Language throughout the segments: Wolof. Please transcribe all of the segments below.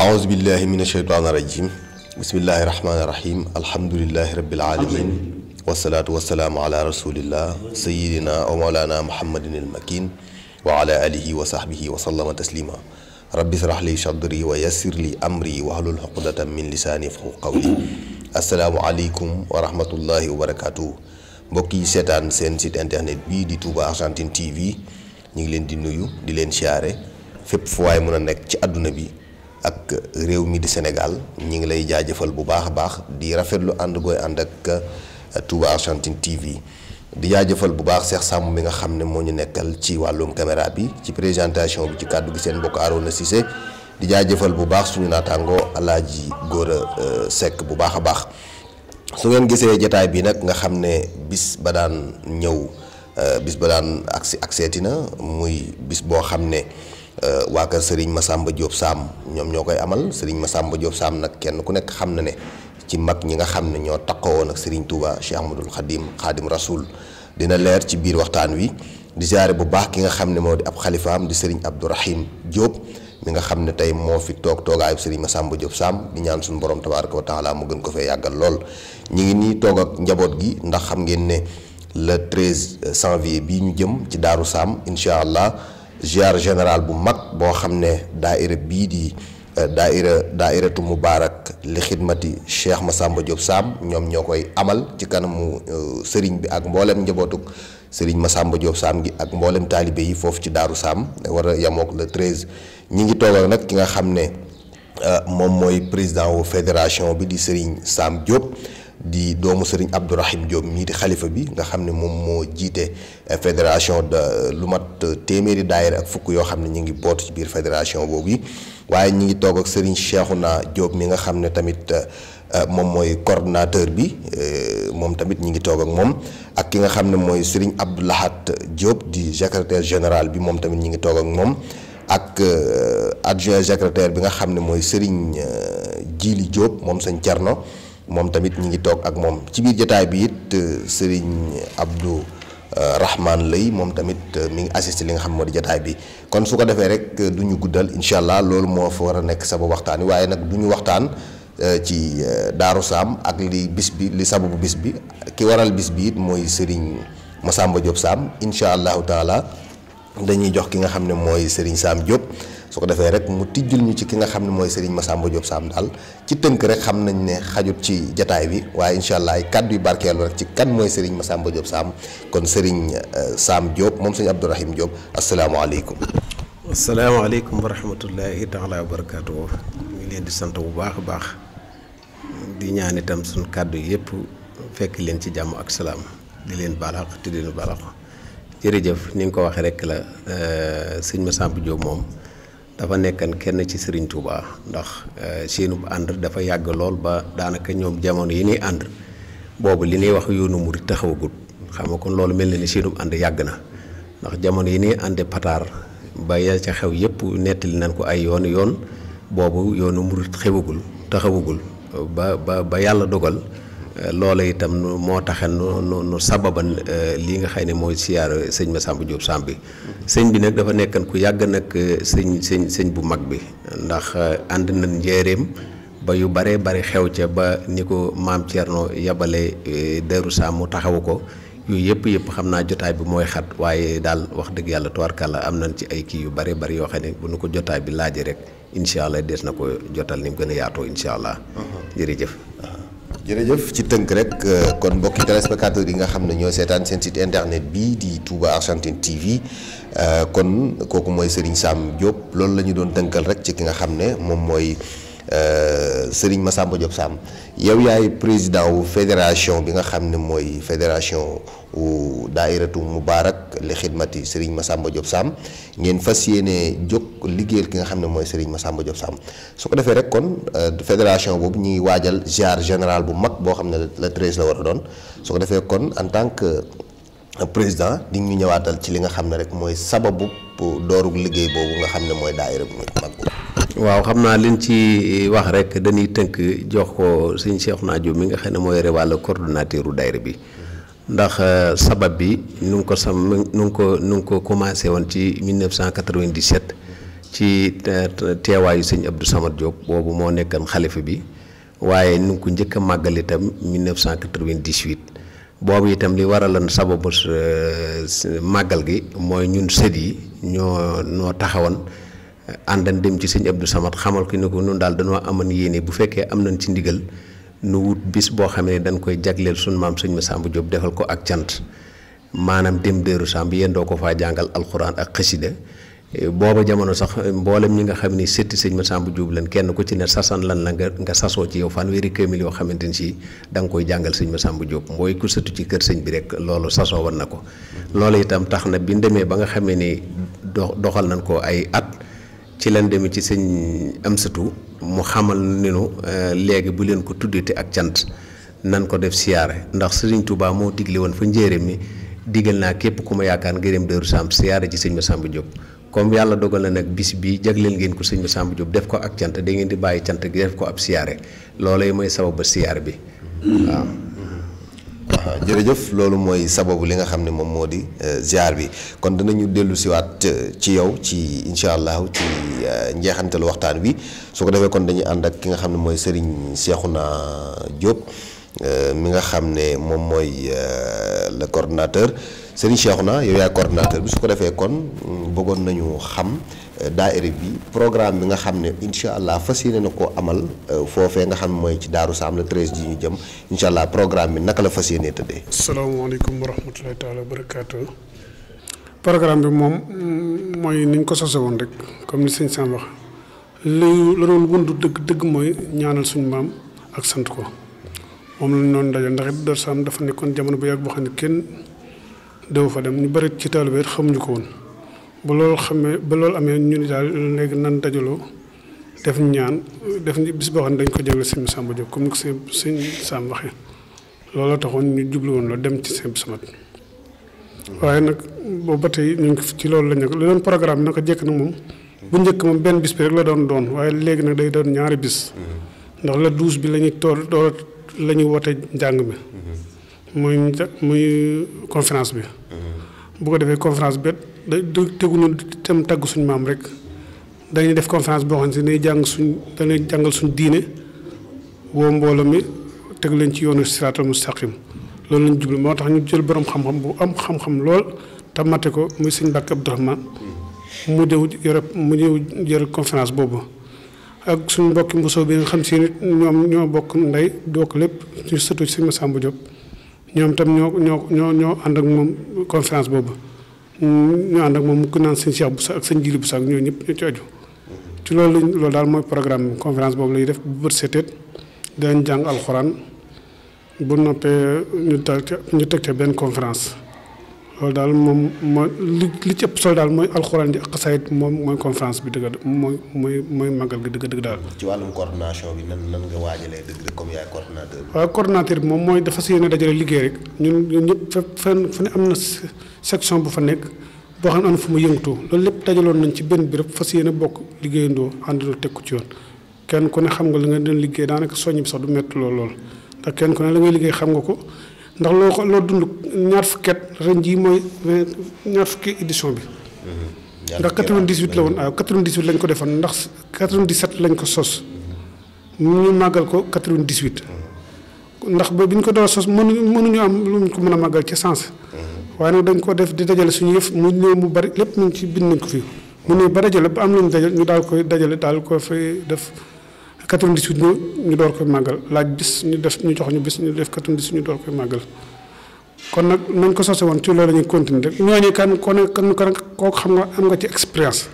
أعوذ بالله من الشيطان الرجيم بسم الله الرحمن الرحيم الحمد لله رب العالمين والصلاة والسلام على رسول الله سيدنا ومولانا محمد المكين وعلى آله وصحبه وسلم تسليما رب اشرح لي صدري ويسر لي أمري واحلل عقدة من لساني يفقهوا قولي السلام عليكم ورحمة الله وبركاته mbokk yi seetaan seen site internet bii di Touba Argentine TV ñu ngi leen di nuyu di leen siyaare fépp fu waay mën a nekk ci àdduna bi ak réew mi di Sénégal ñi ngi lay jaajëfal bu baax a baax di rafetlu ànd gooy ànd ak uh, Touba Argentine TV di jëfal bu baax seex sàmm bi nga xam ne moo ñu nekkal ci wàllum caméra bi ci présentation bi ci kàddu gi seen mbokk Arona Cissé di jaajëfal bu baax suñu naataangoo Alaaji Góora uh, Seck bu baax a baax su ngeen gisee jataay bi nag nga xam ne bis ba daan ñëw uh, bis ba daan agsi agseeti na muy bis boo xam ne Euh, waa kër ma Massamba Diop Sam ñoom ñoo koy amal ma Massamba Diop saam nag kenn ku nekk xam na ne ci mag ñi nga xam ne ñoo woon ak Serigne Touba Cheikh Ahmadoul Khadim Khadim Rasoul dina leer ci biir waxtaan wi di ziare bu baax ki nga xam ne moo di ab xalifaam di Serigne Abdourahim Diop mi nga xam ne tey moo fi toog toogaayu Serigne Massamba Diop Sam di ñaan suñu borom tabaaraka wa taala mu gën ko fee yàggal lool ñu ngi nii toog ak njaboot gi ndax xam ngeen ne le 13 euh, janvier bii ñu jëm ci Daaru Sam incha allah. ziar général bu mag boo xam ne daa daaira bii di daa euh, daaira daairatu mubaarak li xidmati ma Massamba Diop Sam ñoom ñoo koy amal ci kanamu euh, sëriñ bi ak mboolem njabootug sëriñ Massamba Diop Sam gi ak mboolem taalibe yi foofu ci Daaru Sam war a yamook le 13 ñi ngi toogal nag ki nga xam ne euh, moom mooy président wu fédération bi di sëriñ Sam Diop. di doomu sëriñ Abdourahim Diop mii di xalifa bi nga xam ne moom moo jiite eh, fédération de eh, lu mat eh, téeméeri daayira ak fukk yoo xam ne ñu ngi boot ci biir fédération boobu yi waaye ñi ngi toog ak sëriñ naa Diop mi nga xam ne tamit moom mooy coordonnateur bi moom tamit ñi ngi toog ak moom ak ki nga xam ne mooy sëriñ Abdou Lahat Diop di secrétaire général bi moom tamit ñi ngi toog ak moom ak adjoint secrétaire bi nga xam ne mooy sëriñ Djili Diop moom sëñ Thierno. moom tamit ñi ngi toog ak moom ci biir jotaay bi it euh, Serigne Abdou euh, Rahman lay moom tamit euh, mi ngi assisté li nga xam moo di jotaay bi kon su ko du ñu guddal incha allah loolu moo fa war a nekk sababu waxtaan wi waaye nag du ñu waxtaan ci Daaru Saam ak li bis bi li sababu bis bi ki waral bis bi it mooy Serigne Massamba Diop Saam incha allahu taala dañuy jox ki nga xam ne mooy Serigne Saam Diop. su ko defee rek mu tijjul ñu ci ki nga xam ne mooy Serigne Massamba Diop Sam daal ci tënk rek xam nañ ne xajut ci jataay bi waaye incha allah ay kàddu yu barkeelu rek ci kan mooy sëriñ Serigne Massamba Diop Sam kon Serigne euh, Sam Diop moom Serigne Abdourahim Diop asalaamaaleykum. asalaamaaleykum wa rahmatullahi taala wa barakaatu ñu leen di sant bu baax a baax di ñaan itam suñu kàddu yëpp fekk leen ci jàmm ak salaam di leen balax te di jërëjëf ni nga ko waxee rek la euh, sëñ Massamba Diop moom. dafa nekkan kenn ci Serigne Touba ndax eh, seenub ànd dafa yàgg lool ba daanaka ñoom jamono yi ñuy ànd boobu li ñuy wax yoonu murid taxawagul xam nga kon loolu mel na ni seenub ànd yàgg na ndax jamono yi ñuy ànde pataar ba ya ca xew yépp nettali nan ko ay yoonu yoon boobu yoonu murid xewagul taxawagul ba ba ba yàlla dogal loola itam moo taxe nu nu nu sababan eh, lii nga xay ne mooy siyaar sëñ ma Massamba Diop Samb bi sëñ bi nag dafa nekkan ku yàgg nag eh, sëñ sëñ sëñ bu mag bi ndax eh, ànd na njéeréem ba yu bare bari xew ca ba ni ko maam Thierno yabale deru Sam mu taxawu ko yooyu yëpp yëpp xam naa jotaay bi mooy xat waaye daal wax dëgg yàlla tubarkàlla am nañ ci ay kii yu bare bari yoo xam ne bu nu ko jotaay bi laaj rek incha des na ko jotal ni mu gën a yaatoo incha allah. Uh-huh. jërëjëf. jërëjëf ci tënk rek euh, kon mbokki téléspectateurs yi nga xam ne ñoo seetaan seen site internet bi di Touba Argentine TV euh, kon kooku mooy Serigne Sam Diop loolu la ñu doon dënkal rek ci ki nga xam ne moom mooy. Euh, Serigne Massamba Diop Sam yow yaay président wu fédération bi nga xam ne mooy fédération wu daairatu Moubarak li xidmati ma Massamba Diop Sam ngeen fas yéene jóg liggéeyal ki nga xam ne mooy Serigne Massamba Diop Sam su ko defee rek kon euh, fédération boobu ñu ngi waajal ziar général bu mag boo xam ne la treize la war a doon su ko defee kon en tant que euh, président di ñu ñëwaatal ci li nga xam ne rek mooy sababu dooru liggéey boobu nga xam ne mooy daayira bu mag waaw xam naa liñ ci eh, wax rek dañuy tënk jox ko sëñ Cheikhouna Diop mi nga xam ne moo yore wàllu coordonnateur u daayira bi ndax eh, sabab bi nu ngi ko sam nu ngi ko nu ko commencé woon ci 1997 ci teewaayu sëñ Abdou Samad Diop boobu moo nekkan xalifa bi waaye nu ngi ko njëkk a màggal itam 1998 boobu itam li waraloon sababu eh, màggal gi mooy ñun sët yi ñoo ñoo taxawoon. àndan dem ci sëñ Abdou Samad xamal ko ni ko nun daal dañoo amoon yéene bu fekkee am nañ ci ndigal nu wut bis boo xamee ne dañ koy jagleel sunu maam sëñ Massamba Diop defal ko ak cant maanaam dem Daaru Samb yéen doo ko faa jàngal alxuraan ak xasida booba jamono sax mboolem ñi nga xam ni sëtti sëñ Massamba Diop lan kenn ku ci ne sasan lan la nga nga sasoo ci yow fanweeri kaamil yoo xamante ni si da koy jàngal sëñ Massamba Diop mooy ku sëtu ci kër sëñ bi rek loolu sasoo woon na ko. loolu itam tax na bi ñu demee ba nga xamee ni doxal nañ ko ay at. ci leen demee ci sëñ Amsatou mu xamal ni nu euh, léegi bu leen ko tuddati ak cant nan ko def siyaare ndax sëriñ Touba moo digle woon fa njéeréem ni digal naa képp ku ma yaakaar nga dem Daaru Sam siyaare ci sëñ Massamba Diop comme yàlla dogal na nag bis bi leen ngeen ko sëñ Massamba Diop def ko ak cant da ngeen di bàyyi cant gi def ko ab siyaare loola yi mooy sababu siyaar bi waaw jërëjëf loolu mooy sababu li nga xam ne moom moo di euh, ziar bi kon danañu dellu siwaat euh, ci yow ci incha allah ci euh, njeexantalu waxtaan wi su ko defee kon dañuy ànd ak ki nga xam ne mooy Serigne Cheikhouna Diop mi nga xam ne moom mooy cordinateur coordonnateur Serigne Cheikhouna yow yaay coordonnateur bi su ko defee kon mm, bëggoon nañu xam. daayira bi programme bi nga xam ne incha allah fas yéene na ko amal euh, foofe nga xam mooy ci Daaru Saam la treize ji ñu jëm incha allah programme bi naka la fas yéene tëddee. salaamaaleykum wa rahmatulahi taala wa barakaatu. programme bi moom mm, mooy niñ ko sose woon rek comme sëñ Sam wax lu la doon wundu dëgg dëgg mooy ñaanal suñu maam ak sant ko moom lañ noonu daje ndax it Daaru Saam dafa nekkoon jamono bu yàgg boo xam ne kenn dewu fa dem ñu bari ci taalibe xamuñu ko woon. ba loolu xamee ba loolu amee ñu ni daal léegi nan dajaloo def ñaan def ni bis boo xam ne dañ ko jagle sëñ Samba Diop comme ni ko sëñ sëñ Samba waxee looloo taxoon ñu jublu woon la dem ci sëñ Samat waaye nag boobu ba tey ñu ngi ci loolu la ñu li doon programme naka jekk moom bu njëkk moom benn bis la doon doon waaye léegi nag day doon ñaari bis ndax la douze bi la ñuy tool door la ñuy woote njàng mi mhm. muy muy conférence bi mhm. bu ko defee conférence bi da da teguñu tam tagg suñu rek dañuy def conférence boo xam ne si dañuy jàng suñ dañuy jàngal suñu diine woo mbooloo mi teg leen ci yoonu siraatal mustaqim loolu lañ jublu moo tax ñu jël borom xam bu am xam-xam lool te ko muy sëñ Mbàkke Abdourahmane mu dew yore mu ñëw yore conférence boobu ak suñu mbokki mbosoo bi nga xam si nit ñoom ñoo bokk ndey dook lépp ñu sëtu si Masamba Diop ñoom tam ñoo ñoo ñoo ñoo ànd ak moom conférence boobu ñu ànd ak moom ku naan sëñ Cheikh Boussa ak sëñ Jili Boussa ak ñooñu ñëpp ñoo ci aju ci loolu lañ loolu daal mooy programme conférence boobu lay def bu bët seeteet dañ jàng alxuraan bu noppee ñu teg ca ñu teg ca benn conférence loolu daal moom mooy li ci ëpp solo daal mooy alxuraan di ak xasaayit moom mooy conférence bi dëgg mooy mooy mooy màggal gi dëgg dëgg daal. ci wàllum coordination bi nan nan nga waajalee dëgg rek comme yaay coordinateur bi. waaw coordinateur bi moom mooy dafa si yéene dajale liggéey rek ñun ñun ñëpp fa fa ne am na section bu fa nekk boo xam ne am na fu mu yëngatu loolu lépp dajaloon nañ ci benn béréb fa si yéene bokk liggéeyandoo àndandoo teg ko ci yoon kenn ku ne xam nga li nga doon liggéey daanaka soññ bi sax du métti lool lool ndax kenn ku ne la ngay liggéey xam nga ko. ndax loo ko loo dund ñaar fukket at ren mooy ñaar fukki édition bi. Mm-hmm. ndax 98 la woon waaw 98 lañ ko defoon ndax 97 lañ ko sos. ñu màggal ko 98. ndax ba bi ñu ko doon sos mënu mënuñu am lu ñu ko mën a màggal ci sens. Mm-hmm. waaye nag dañ ko def di dajale suñu yëf mu ñëw mu bari lépp mu ngi ci bind nañ ko fii. mu ne ba dajale ba am lu ñu dajale ñu daal koy dajale daal ko fay def. 98 ñu ñu door koy màggal laaj bis ñu def ñu jox ñu bis ñu def 98 ñu door koy màggal kon nag nañ ko sose woon ci loolu la ñuy continuer rek ñooñu kan ko ne koo xam nga am nga ci expérience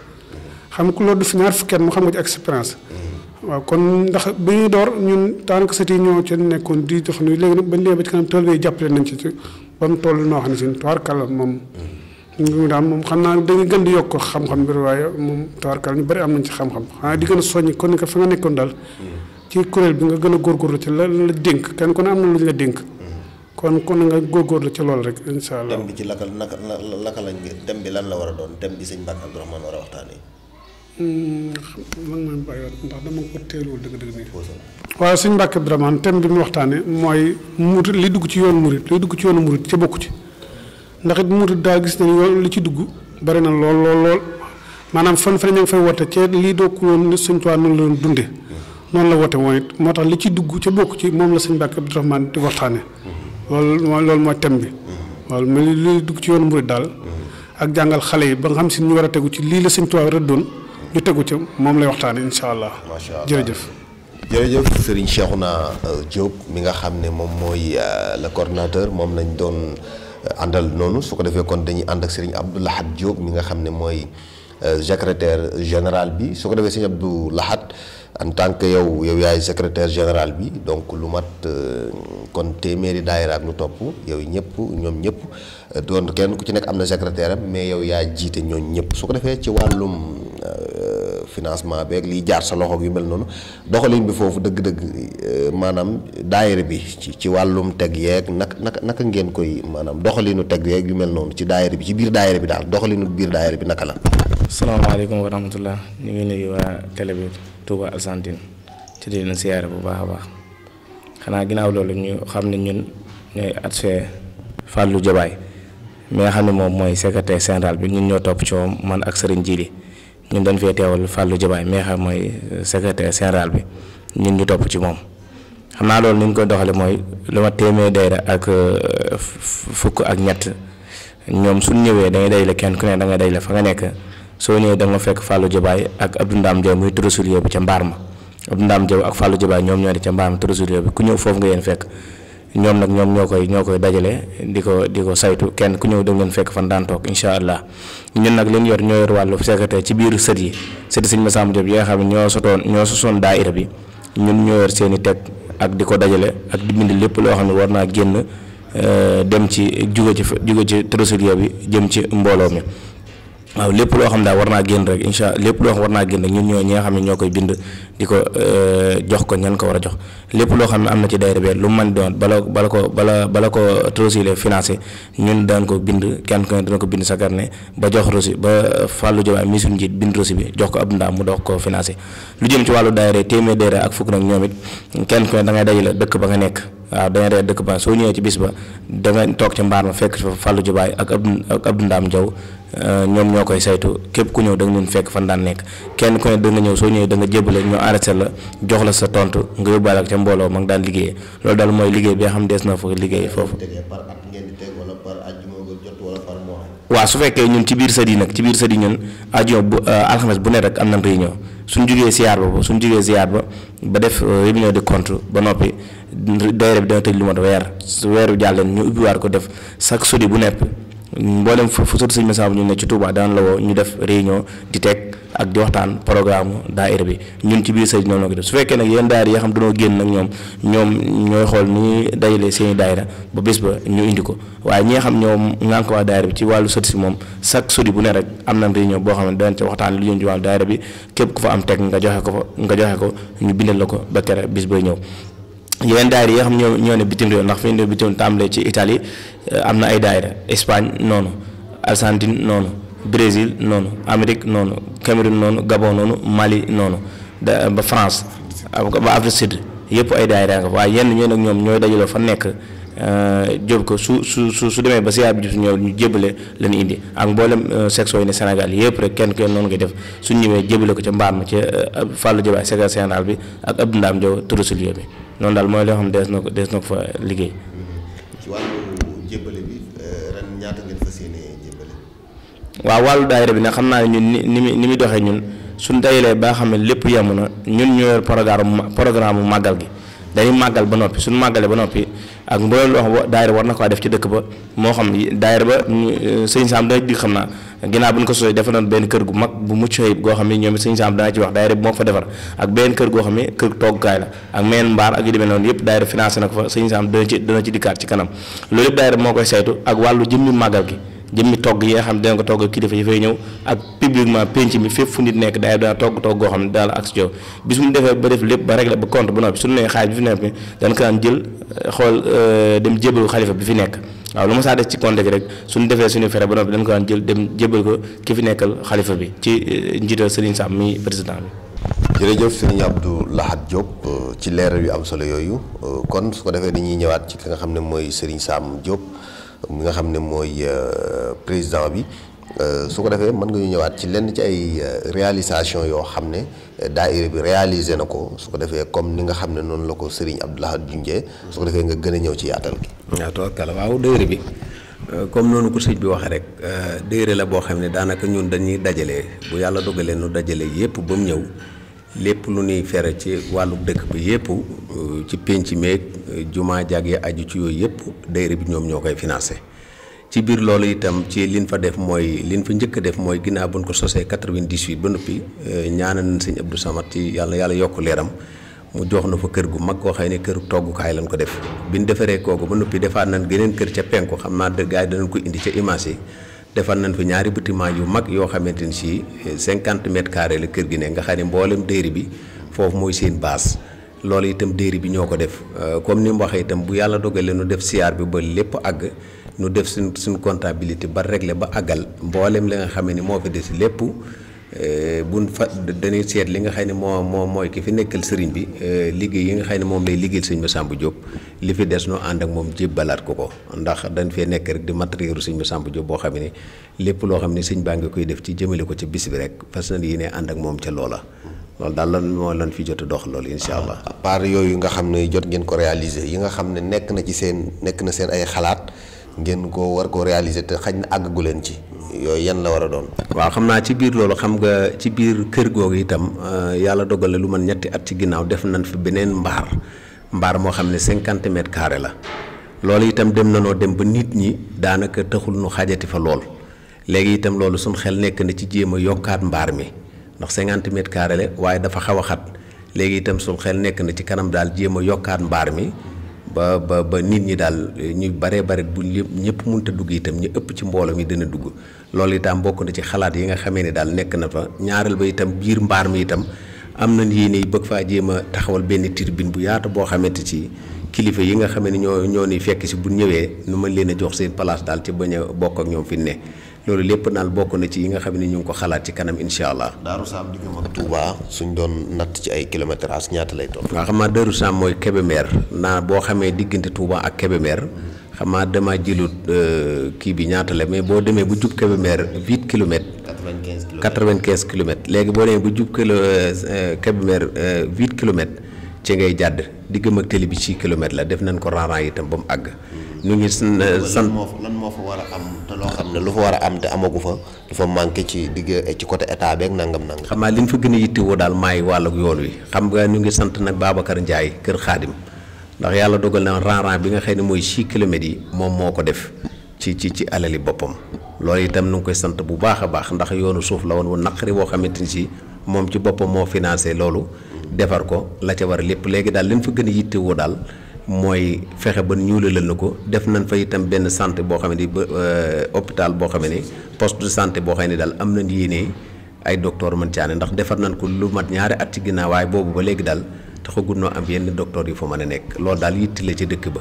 xam ku loolu du fi ñaar fukki mu xam nga ci expérience waaw kon ndax bi ñuy door ñun daanaka sët yi ñoo ci nekkoon di jox ñu léegi nag bañ demee ba ci kanam tool bi jàppale nañ ci ci ba mu toll noo xam ne si moom. mu daam moom xam naa dañuy gën di yokk xam-xam bi waaye moom tawarkal ñu bëri am nañ ci xam-xam xanaa di gën a soññi kon ni ko fa nga nekkoon daal ci kuréel bi nga gën a góorgóorlu ci la la dénk kenn ku am na lu ñu la dénk kon kon nga góorgóorlu ci loolu rek incha allah dem bi ci lakal naka laka lañ dem bi lan la war a doon dem bi sëñ Mbacke Abdourahmane war a waxtaanee hmm, man man bàyyiwaat ndax dama ko teelul dëgg-dëgg nii waaw sëñ Mbacke Abdourahmane bi mu waxtaane mooy murit li dugg ci yoon murit li dugg ci yoonu murit ca bokku ci ndax it muutu daaw gis nañ yoon li ci dugg bari na lool lool maanaam fan fan ña fay wote ca lii dokku woon ni Sëñ Tuubaa noonu la doon dunde noonu la wote woon it moo tax li ci dugg ca bokk ci moom la sëñ Mbàkke Abdourahmane di waxtaane loolu mooy loolu mooy thème bi waaw mais li dugg ci yoonu murid daal ak jàngal xale yi ba nga xam si ñu war a tegu ci lii la Sëñ Tuubaa rëddoon ñu tegu ca moom lay waxtaane incha allah jërëjëf jërëjëf Serigne Cheikhouna Diop mi nga xam ne moom mooy euh, le coordinateur moom lañ doon àndal noonu su ko defee kon dañuy ànd ak sëriñ Abdou laxat Diop mi nga xam ne mooy euh, secrétaire général bi su ko defee sëriñ Abdou laxat en tant que yow yow yaay secrétaire général bi donc lu mat euh, kon téeméeri daayira lu topp yow ñëpp ñoom ñëpp euh, doon kenn ku ci nekk am na secrétaire am mais yow yaa jiite ñooñ ñëpp su ko defee ci wàllum. financement beeg liy jaar sa loxo yu mel noonu doxalin bi foofu dëgg-dëgg euh, maanaam daayira bi ci ci wàllum teg yeeg nak naka naka ngeen koy maanaam doxalinu teg yeeg yu mel noonu ci daayira bi ci biir daayira bi daal doxalinu biir daayira bi naka la. salaamaaleykum wa rahmatulah ñu ngi nuyu waa télé bi Touba Argentine ci di leen siyaare bu baax a baax xanaa ginnaaw loolu ñu xam ne ñun ñooy adjoint Fallou Diabaye mi nga xam ne moom mooy secrétaire général bi ñun ñoo topp ci moom man ak Serigne Djili. ñun dañ fee teewal Fallou Diomaye mi nga xam mooy euh, secrétaire général bi ñun ñu topp ci moom xam naa loolu ni ñu koy doxalee mooy lu ma téeméer dayra ak euh, fukk ak ñett ñoom suñ ñëwee da ngay dajale kenn ku ne da ngay dajale fa nga nekk soo ñëwee da nga fekk Fallou jabaay ak Abdou Ndam Diop muy trésorier bi ca mbaar ma Abdou Ndam Diop ak Fallou Diomaye ñoom ñoo di ca mbaar ma trésorier bi ku ñëw foofu nga yéen fekk ñoom nag ñoom ñoo koy ñoo koy dajale di ko di ko saytu kenn ku ñëw dem ngeen fekk fan daan toog incha allah ñun nag leen yor ñoo yor wàllu secrétaire ci biir sët yi sëti sëñ Massamba Diop yi nga xam ne ñoo sotoon ñoo sosoon daayira bi ñun ñoo yor seen i teg ak di ko dajale ak di bind lépp loo xam ne war naa génn euh, dem ci juge ci juge ci trésorier bi jëm ci mbooloo mi waaw lépp loo xam daal war naa génn rek incha lépp loo xam war naa génn rek ñun ñoo ñi xam ne ñoo koy bind di ko euh, jox ko ñan ko war a jox lépp loo xam ne am na ci daayira bi lu mu mën doon bala bala ko bala bala ko trosile financé ñun daan ko bind kenn ku ne ko bind sa carnet ba jox rosi ba fàllu jëmaay mi suñu njiit bind rosi bi jox ko ab mu dox ko financé lu ci wàllu daayira téeméer daayira ak fukk nag ñoom it kenn ku ne da ngay dajale dëkk ba nga nekk waaw da dajale dëkk ba soo ñëwee ci bis ba da nga toog ci mbaar ma fekk fa fàllu jëbaay ak ab ak ab ndaam jaw Euh, ñoom ñoo koy saytu képp ku ñëw da nga fekk fan daan nekk kenn ku ne da nga ñëw soo ñëwee da nga jébbale ñu arrêté la jox la sa tontu nga yóbbaale ak ca mbooloo mag daan liggéeyee loolu daal mooy liggéey bi nga xam des na fa liggéey foofu. waaw su fekkee ñun ci biir sët yi nag ci biir sët yi ñun ajuma bu euh, alxames bu ne rek am nañ réunion suñ jugee ziar ba suñ jugee ziar ba ba def euh, réunion de compte ba noppi daayira bi dana tëj lu mot weer su weeru bi jàlleen ñu ubbiwaat ko def chaque sodi bu nepp mboolem fu fu sëriñ Masamba bu ñu ne ci Touba daan la woo ñu def réunion di teg ak di waxtaan programme daayira bi ñun ci biir sëriñ noonu la def su fekkee nag yéen daayira yoo xam dañoo génn nag ñoom ñoom ñooy xool ni ñuy dajalee seen i daayira ba bés ba ñu indi ko waaye ñi nga xam ñoom ngànk waa daayira bi ci wàllu sët si moom chaque sodi bu ne rek am na réunion boo xam ne danañ ci waxtaan lu jëm ci wàllu daayira bi képp ku fa am teg nga joxe ko fa nga joxe ko ñu bindal la ko ba kere bis bay ñëw yeneen daayira yi nga xam ñoo ñoo ne bitim réew ndax fi ñu ne bitim tàmbalee ci Italie euh, am na ay daayira Espagne noonu Argentine noonu Brésil noonu Amérique noonu Cameroun noonu Gabon noonu Mali noonu da ba France ba Afrique Sud yëpp ay daayira nga waaye yenn ñoo nag ñoom ñooy dajaloo fa nekk Euh, jël ko su su su su demee ba si yaay bi su ñëw ñu jébale lañu indi ak mboolem euh, section yi ne Sénégal yëpp rek kenn kenn noonu ngay def su ñëwee jébale ko ci mbaam ca euh, Fallou Diabaye secrétaire général bi ak Abdou Ndam Diaw trésorier bi noonu daal mooy loo xam ne dees na ko dees na ko fa liggéey. ci wàllu jébale bi ren ñaata bi nag xam naa ne ñun ni ni muy ni muy doxee ñun suñ dajalee ba xam ne lépp yem na ñun ñoo yor programme mu màggal gi. dañuy màggal ba noppi suñu màggalee ba noppi ak mboolem loo xam daayira war na ko def ci dëkk ba moo xam daayira ba euh, sëñ Sam dana dig xam naa ginnaaw bu ko sosee defar benn kër gu mag bu mucc ayib goo xam ne ñoom sëñ Sam dana ci wax daayira bi moo ko fa defar ak benn kër goo xam ne kër toggukaay la ak meen mbaar ak yu demee noonu yëpp daayira financé na ko fa sëñ Sam dana ci dikkaat ci kanam loolu yëpp daayira moo koy saytu ak wàllu jëmmi màggal gi jëmmi togg yi nga xam ne ko togg kilifa yi fay ñëw ak publiquement penc mi fépp fu nit nekk daay dana togg togg goo xam ne daal ak si jow bis mu defee ba def lépp ba réglé ba compte bu noppi su nee xaaj bi fi nekk dañ ko daan jël eh, xool eh, dem jébalu xalifa bi fi nekk waaw lu ma saa def ci compte bi rek suñu defee suñu fere ba noppi dañ ko jël dem jébal ko ki fi nekkal xalifa bi ci eh, njiital Serigne Sam mi président bi jërëjëf sëriñ Abdou Lahad Diop ci leeral bi am solo yooyu kon su ko defee ñuy ñëwaat ci ki nga xam ne mooy Serigne Sam Diop mi nga xam ne mooy euh, président bi euh, su ko defee mën nga ñu ñëwaat ci lenn ci ay euh, réalisation yoo xam ne daayira bi réaliser na ko su ko defee comme ni nga xam ne noonu la ko Serigne Abdou Lahad junjee su ko defee nga gën a ñëw ci yaatal gi waaw tookal waaw daayira bi comme noonu ko sëñ bi waxee rek daayira la boo xam ne daanaka ñun dañuy dajale bu yàlla dogalee nu dajale yépp ba mu ñëw lépp lu nuy fere ci wàllu dëkk bi yëpp euh, ci pénc meeg euh, jumaa jag ya aju ci yooyu yëpp daayira bi ñoom ñoo koy financé ci biir loolu itam ci liñ fa def mooy liñ fa njëkk def mooy ginnaaw buñ ko sosee 98 ba noppi euh, ñaana nañ sëñ Abdou Samad ci yàlla yàlla yokk leeram mu jox na fa kër gu mag koo xëy ne kër toggukaay lañ ko def bi biñ defaree kooku ba noppi defaat nañ geneen kër ca penku xam naa gars yi danañ ko indi ca image defal nañ fi ñaari bâtiment yu mag yoo xamante ni si eh, cinquante mètres carrés la kër gi ne nga xam ne mboolem déeri bi foofu mooy seen baas loolu itam déeri bi ñoo ko def euh, comme ni mu waxee itam bu yàlla dogalee nu def siyaar bi ba lépp àgg nu def suñ suñ comptabilité ba régler ba àggal mboolem li nga xam ni moo fi des lépp Euh, bun fa dañuy seet li nga xay ne moo moom mooy ki fi nekkal sëriñ bi euh, liggéey yi nga xam ne moom lay liggéeyal sëñ Massamba Diop li fi des noo ànd ak moom balaat ko ko ndax dañ fee nekk rek di matériel sëñ Massamba Diop boo xam ne lépp loo xam ne sëñ baa ngi koy def ci jëmale ko ci bis bi rek fas na yéene ànd ak moom ca loola. loolu daal lan moo lan fi jot dox loolu incha allah. à yooyu nga xam ne jot ngeen ko réaliser yi nga xam ne nekk na ci seen nekk na seen ay xalaat ngeen ko war koo réaliser te xaj na àggagu leen ci. yooyu yan la war a doon. waaw xam naa ci biir loolu xam nga ci biir kër googu itam euh, yàlla dogale lu man ñetti at ci ginnaaw def nañ fi beneen mbaar mbaar moo xam ne cinquante mètres carrés la loolu itam dem nanoo dem ba nit ñi daanaka taxul nu xaajati fa lool léegi itam loolu suñ xel nekk na ci jéem a yokkaat mbaar mi ndax cinquante mètres carrés la waaye dafa xaw a xat léegi itam suñ xel nekk na ci kanam daal jéem a yokkaat mbaar mi. ba ba ba nit ñi daal ñu baree bare bu lépp ñëpp mënut a dugg itam ñu ëpp ci mbooloo mi dana dugg loolu itam bokk na ci xalaat yi nga xamee ne daal nekk na fa ñaareel ba itam biir mbaar mi itam am nañ yéene bëgg faa jéem a taxawal benn tribune bu yaatu boo xamante ci kilifa yi nga xam ne ñoo ñoo ni fekk si bu ñëwee nu ma leen a jox seen place daal ci bañ a bokk ak ñoom fi ne loolu lépp naal bokk na ci yi nga xam ne ñu ngi ko xalaat ci kanam incha allah. Darou Sam di ko Touba suñ doon natt ci ay kilométrage ñaata lay topp. waaw xam naa Darou Sam mooy Kébémer naa boo xamee diggante Touba ak Kébémer xam naa damaa jëlut euh, kii bi ñaata la mais boo demee bu jub Kébémer huit kilomètres. quatre vingt quinze kilomètres léegi boo demee bu jub kilo euh, euh, Kébémer huit kilomètres ci ngay jàdd diggam ak télé bi six la def nañ ko rarant itam ba mu àgg. Hmm. ñu ngi sant lan moo fa am. loo xam ne lu fa war a am te amagu fa dafa manqué ci digg ci côté état beeg nangam-nangam. xam naa li ñu fa gën a yittewoo daal maay wàllug yoon wi xam nga ñu ngi sant nag Babacar njaay kër xaadim ndax yàlla dogal na rang-rang bi nga xëy ne mooy sii kilomètres yi moom moo ko def ci ci ci alali boppam loolu itam nu ngi koy sant bu baax a baax ndax yoonu suuf la woon wu naqari woo xamante ni si moom ci boppam moo financé loolu defar ko la ca war lépp léegi daal li fa gën a yittewoo daal mooy fexe ba ñuulalal na ko def nañ fa itam benn santé boo xam ne euh, hôpital boo xam ne post de sante boo xam ne daal am na yéene ay docteur mën caane ndax defar nañ ko lu mat ñaari at ci ginnaaw waaye boobu ba léegi daal taxagut noo am yenn docteur yu fa mën a nekk loolu daal yitti la ci dëkk ba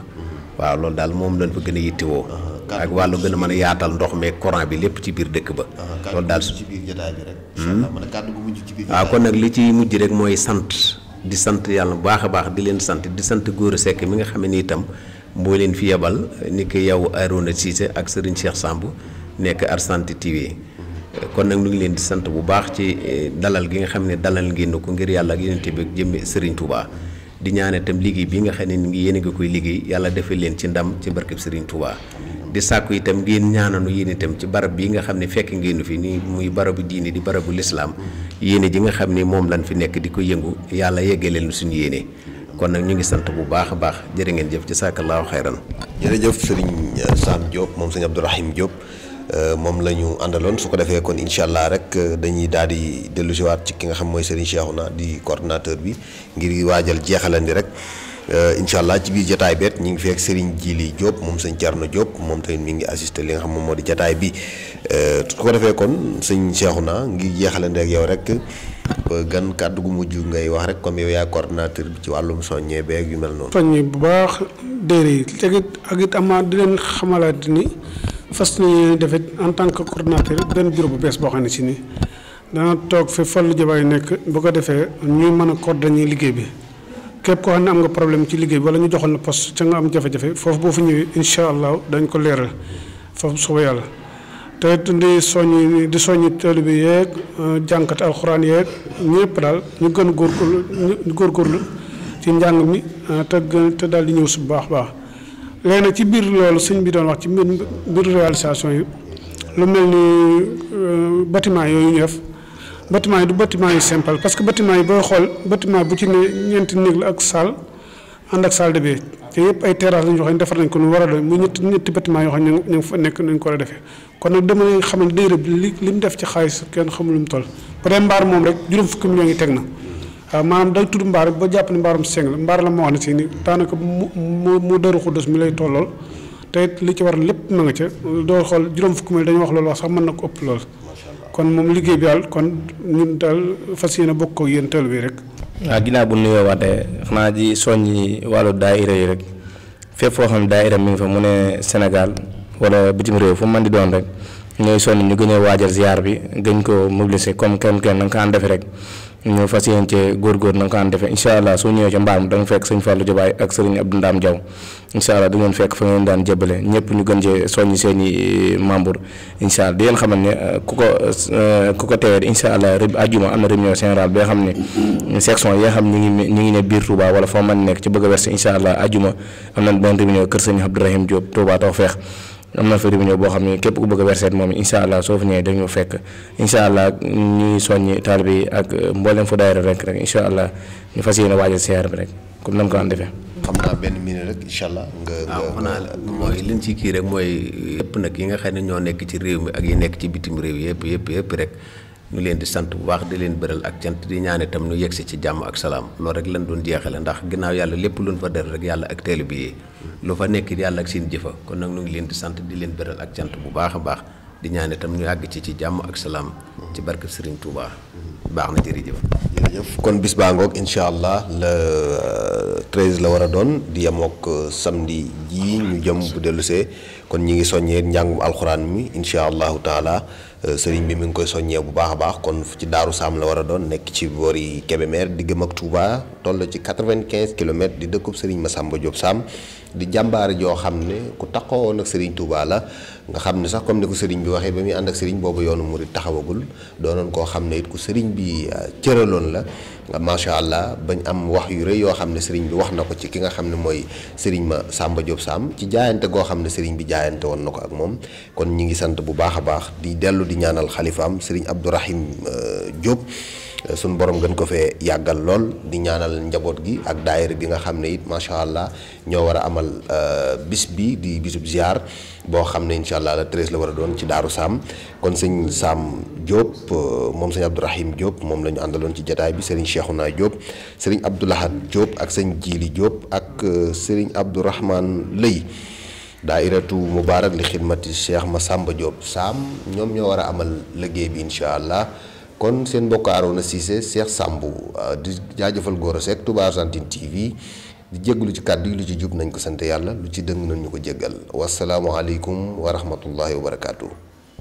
waaw loolu daal moom lañ fa gën a yittiwoo ah, ak wàllu gën a mën a yaatal ndox mee courant bi lépp ci biir dëkk ba ah, loolu daal ci biir jotaay bi rek waaw hmm? ah, kon nag li ci mujj rek mooy sant di sant yàlla bu baax a baax di leen sant di sant góor sekk mi nga xam ne itam moo leen fi yebal ni ko yow Arouna Cissé ak Serigne Cheikh Samb nekk ar sant TV kon nag ñu ngi leen di sant bu baax ci eh, dalal gi nga xam ne dalal ngeen ko ngir yàlla ak yonent bi jëmmi sëriñ Touba di ñaane itam liggéey bi nga xam ne ni ngi yéen a ngi koy liggéey yàlla defee leen ci ndam ci barkeb sëriñ Touba. di sàkku itam ngeen ñaananu yéen itam ci barab bii nga xam ne fekk ngeen fi nii muy barabu diine di barabu lislaam yéene ji nga xam ni moom lañ fi nekk di ko yëngu yàlla yeggaleel suñ yéene kon nag ñu ngi sant bu baax a baax jërë ngeen jëf ci sàkkallaahu xayran jërëjëf sëriñ Sam Diop moom sëñ Abdourahim Diop euh, moom la ñu àndaloon su ko defee kon incha allah rek euh, dañuy daal di dellu ci ki nga xam mooy sëriñ naa di coordonnateur bi ngir waajal jeexalandi rek Euh, incha allah ci biir jataay beet ñi ngi feek ak Serigne Djili Diop moom sëñ Thierno Diop moom tamit mi ngi assisté li nga xam moo di jataay bi euh, su ko defee kon sëñ Cheikhouna ngir jeexalante ak yow rek ba gan kàddu gu mujj ngay wax rek comme yow yaa bi ci wàllum soññee beeg yu mel noonu. soññee bu baax déere yi ak it amaa di leen xamalaat ni fas nañu def en tant que coordinateur benn bureau bu bees boo xam ne si nii dana toog fi Fallou yi nekk bu ko defee ñuy mën a coordonner liggéey bi. képp koo xam ne am nga problème ci liggéey bi wala ñu joxoon la poste ca nga am jafe-jafe foofu boo fa ñëwee incha allah dañ ko leeral foofu suba yàlla te di soññi di soññi taalibe yeeg euh, jànkat alxuraan yeeg ñëpp daal ñu gën góorgóorlu góor góorgóorlu ci njàng mi euh, te gën te daal di ñëw su baax baax léegi nag ci biir loolu sëñ bi doon wax ci mbir réalisation yi lu mel ni euh, bâtiment yooyu ñu def bâtiment yi du bâtiment yu simple parce que bâtiment yi booy xool bâtiment bu ci ne ñeenti néeg la ak salle ànd ak salle de bain te yëpp ay terrasse lañu yoo xam defar nañ ko nu war a doon mu ñetti ñetti bâtiment yoo xam ne ko war a mu def ci xaalis kenn xamul lu mu toll bu dee moom rek juróom fukki millions yi teg na waaw maanaam day tudd ba jàpp ne mbaarum seng la mbaar la moo xam ne ni daanaka mu mu dëru xudus mi lay li ci war lépp na nga ca xool juróom fukki millions dañu wax loolu wax sax mën na ko ëpp lool kon moom liggéey bi daal kon ñun daal fas yéene bokk ak yéen teel bi rek. waaw ginnaaw bu nuyoo waatee xanaa di soññi wàllu daayira yi rek fépp foo xam ne daayira mi ngi fa mu ne Sénégal wala bitim réew fu man di doon rek ñooy soññ ñu gën a waajal ziar bi gën ko mobiliser comme kenn kenn na nga ko ànd rek. ñoo fas yéene cee góor na nga ko daan defe incha allah soo ñëwee ca mbaam da fekk sëñ Fallou Jabaay ak sëriñ Abdou Ndam Diaw incha allah fekk fa daan jébale ñëpp ñu gën cee soññ seen i eh, membre incha allah di leen xamal ne eh, ku ko eh, ku ko teewee incha allah rëb ajjuma am na réunion générale bi nga xam ne mm, section yi nga xam ñu ngi ñu ngi ne biir Touba wala foo man nekk ci bëgg a west incha allah ajjuma am nañ benn réunion kër sëñ Abdourahim Diop Touba taw feex am na firi bu ñëw boo xam ne képp ku bëgg a moom incha allah soo fi ñëwee dañu fekk incha allah ñuy soññi taalibe yi ak euh, mboolem fu daayira rek rek incha allah ñu fas yéene waajal siyaar bi rek comme nam ko an defee. xam naa benn minute rek incha allah. Ah, mooy liñ ci kii rek mooy yëpp nag yi nga xam ne ñoo nekk ci réew mi ak yi nekk ci bitim réew yëpp yëpp yëpp rek. ñu leen di sant bu baax di leen bëral ak cant di ñaan itam ñu yegsi ci jàmm ak salaam loolu rek lañ doon jeexale ndax ginnaaw yàlla lépp luñ fa def rek yàlla ak teelu bi yee lu fa nekk yàlla ak seen jëfa kon nag ñu ngi leen di sant di leen bërël ak cant bu baax a baax di ñaan itam ñu àgg ci ci jàmm ak salaam ci barke Serigne Touba baax na jërëjëf. jërëjëf kon bis baa ngoog incha allah le 13 euh, la war a doon di yemook euh, samedi ji ñu jëm bu dellusee kon ñi ngi soññee njàngum alxuraan mi incha allahu taala. Euh, sëriñ bi mi ngi koy soññee bu baax a baax kon ci Daaru Saam la war a doon nekk ci boori Kébémer di gëm ak Touba toll ci quatre-vingt-quinze kilomètres di dëkkub sëriñ Massamba Diop Sam di jàmbaar joo xam ne ku taxawoon ak sëriñ Touba la. nga xam ne sax comme ni ko sëriñ bi waxee ba muy ànd ak sëriñ boobu yoonu murit taxawagul doonoon koo xam ne it ku sëriñ bi euh, cëraloon la nga macha allah bañ am wax yu rëy yoo xam ne sëriñ bi wax na ko ci ki nga xam ne mooy sëriñ ma sàmba Diop Sam ci jaayante goo xam ne sëriñ bi jaayante woon na ko ak moom kon ñi ngi sant bu baax a baax di dellu di ñaanal xalifaam sëriñ Abdourahim euh, Diop euh, suñu borom gën ko fee yàggal lool di ñaanal njaboot gi ak daayira bi nga xam ne it macha allah ñoo war a amal bis bi di bisub ziar boo xam ne incha allah la treize la war a doon ci Daaru Saam kon sëñ Saam Diop euh, moom sëñ Abdourahim Diop moom la ñu àndaloon ci jataay bi sëriñ Cheikhouna Diop sëriñ Abdoulahad Diop ak sëñ Jili Diop ak euh, sëriñ Abdourahman Lëy daairatu Mubaarak li xidmati ma Massamba Diop Saam ñoom ñoo war a amal liggéey bi incha allah kon seen mbokk Aroona Cissé Cheikh Sambu euh, di jaajëfal Gora Seck Touba Argentine TV. di jégalu ci kàddu yi lu ci jub nañ ko sant yàlla lu ci dëng nañ ñu ko jéggal wasalaamualeykum wa rahmatullahi wa barakaatu.